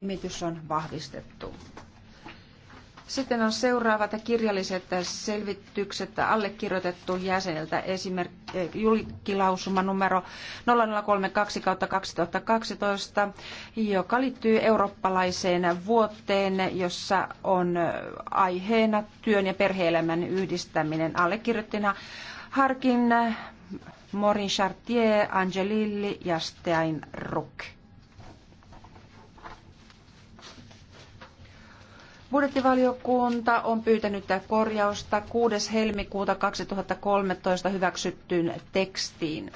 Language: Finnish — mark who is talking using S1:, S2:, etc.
S1: nimitys on vahvistettu. Sitten on seuraavat kirjalliset selvitykset allekirjoitettu jäseneltä esimerkki eh, julkilausuma numero 0032 2012, joka liittyy eurooppalaiseen vuoteen, jossa on aiheena työn ja perheelämän yhdistäminen. Allekirjoittina Harkin, Morin Chartier, Angelilli ja Stein Ruck. Budjettivaliokunta on pyytänyt korjausta 6. helmikuuta 2013 hyväksyttyyn tekstiin.